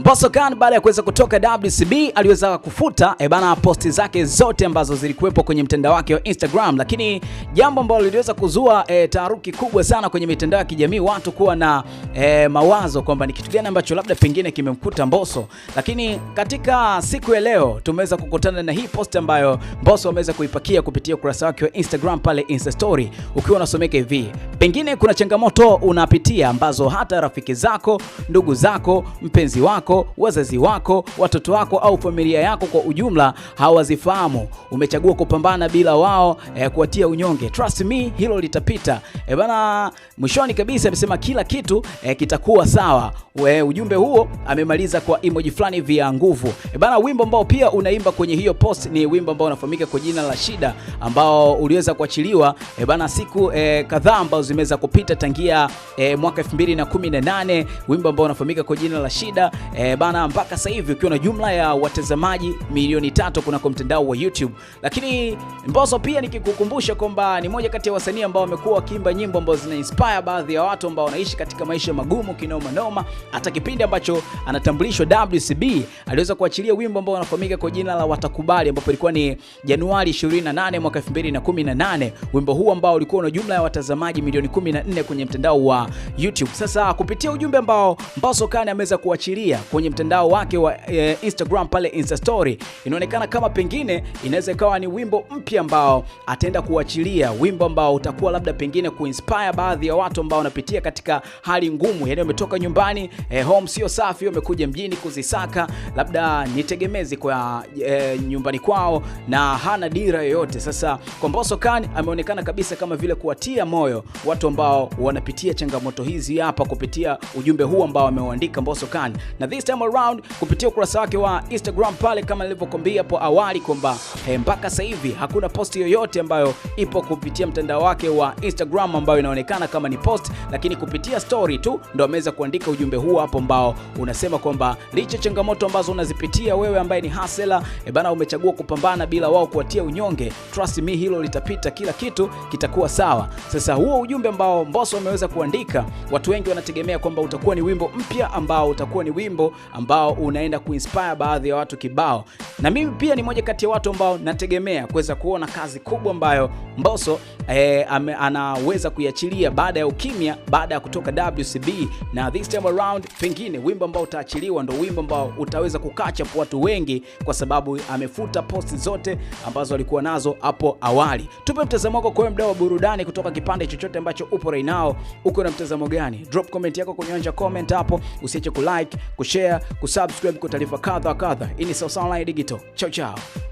Mbosso Khan baada ya kuweza kutoka WCB aliweza kufuta e bana posti zake zote ambazo zilikuwepo kwenye mtandao wake wa Instagram, lakini jambo ambalo liliweza kuzua e, taharuki kubwa sana kwenye mitandao ya kijamii, watu kuwa na e, mawazo kwamba ni kitu gani ambacho labda pengine kimemkuta Mbosso. Lakini katika siku ya leo tumeweza kukutana na hii posti ambayo Mbosso ameweza kuipakia kupitia ukurasa wake wa Instagram pale Insta story, ukiwa unasomeka hivi: pengine kuna changamoto unapitia ambazo hata rafiki zako, ndugu zako, mpenzi wako wako, wazazi wako, watoto wako au familia yako kwa ujumla hawazifahamu. Umechagua kupambana bila wao eh, kuwatia unyonge. Trust me, hilo litapita. Eh, bana, mwishoni kabisa amesema kila kitu eh, kitakuwa sawa. We, ujumbe huo amemaliza kwa emoji fulani vya nguvu. Eh, bana, wimbo ambao pia unaimba kwenye hiyo post ni wimbo ambao unafahamika kwa jina la Shida ambao uliweza kuachiliwa eh, bana siku eh, kadhaa ambazo zimeweza kupita tangia eh, mwaka 2018 wimbo ambao unafahamika kwa jina la Shida e, bana, mpaka sasa hivi ukiwa na jumla ya watazamaji milioni tatu kunako mtandao wa YouTube. Lakini Mbosso pia nikikukumbusha kwamba ni moja kati ya wasanii ambao wamekuwa wakiimba nyimbo ambazo zina inspire baadhi ya watu ambao wanaishi katika maisha magumu kinoma noma. Hata kipindi ambacho anatambulishwa WCB aliweza kuachilia wimbo ambao unafahamika kwa jina la Watakubali, ambapo ilikuwa ni Januari 28 mwaka 2018. Wimbo huu ambao ulikuwa na jumla ya watazamaji milioni 14 kwenye mtandao wa YouTube. Sasa kupitia ujumbe ambao Mbosso Kani ameweza kuachilia kwenye mtandao wake wa e, Instagram pale Insta story, inaonekana kama pengine inaweza ikawa ni wimbo mpya ambao ataenda kuachilia, wimbo ambao utakuwa labda pengine kuinspire baadhi ya watu ambao wanapitia katika hali ngumu, yani wametoka nyumbani e, home sio safi, wamekuja mjini kuzisaka, labda ni tegemezi kwa e, nyumbani kwao na hana dira yoyote. Sasa Kwamboso Khan ameonekana kabisa kama vile kuwatia moyo watu ambao wanapitia changamoto hizi hapa kupitia ujumbe huu ambao ameuandika Mbosso Khan na this time around kupitia ukurasa wake wa Instagram pale, kama nilivyokuambia hapo awali kwamba eh, mpaka sasa hivi hakuna posti yoyote ambayo ipo kupitia mtandao wake wa Instagram ambayo inaonekana kama ni post, lakini kupitia story tu ndo ameweza kuandika ujumbe huu hapo ambao unasema kwamba licha changamoto ambazo unazipitia wewe ambaye ni hasela e eh, bana, umechagua kupambana bila wao kuwatia unyonge. Trust me, hilo litapita, kila kitu kitakuwa sawa. Sasa huo ujumbe ambao Mbosso ameweza kuandika, watu wengi wanategemea kwamba utakuwa ni wimbo mpya ambao utakuwa ni wimbo ambao unaenda kuinspire baadhi ya watu kibao, na mimi pia ni moja kati ya watu ambao nategemea kuweza kuona kazi kubwa ambayo Mbosso eh, anaweza kuiachilia baada ya ukimya, baada ya kutoka WCB, na this time around pengine wimbo ambao utaachiliwa ndo wimbo ambao utaweza kukacha kwa watu wengi, kwa sababu amefuta posti zote ambazo alikuwa nazo hapo awali. Tupe mtazamo wako kwa mdau wa burudani kutoka kipande chochote ambacho upo right now. Uko na mtazamo gani? Drop comment yako kwenye anja comment hapo, usiache kulike kushare, kusubscribe kwa taarifa kadha kadha. Hii ni Sawasawa Online Digital. Chao chao.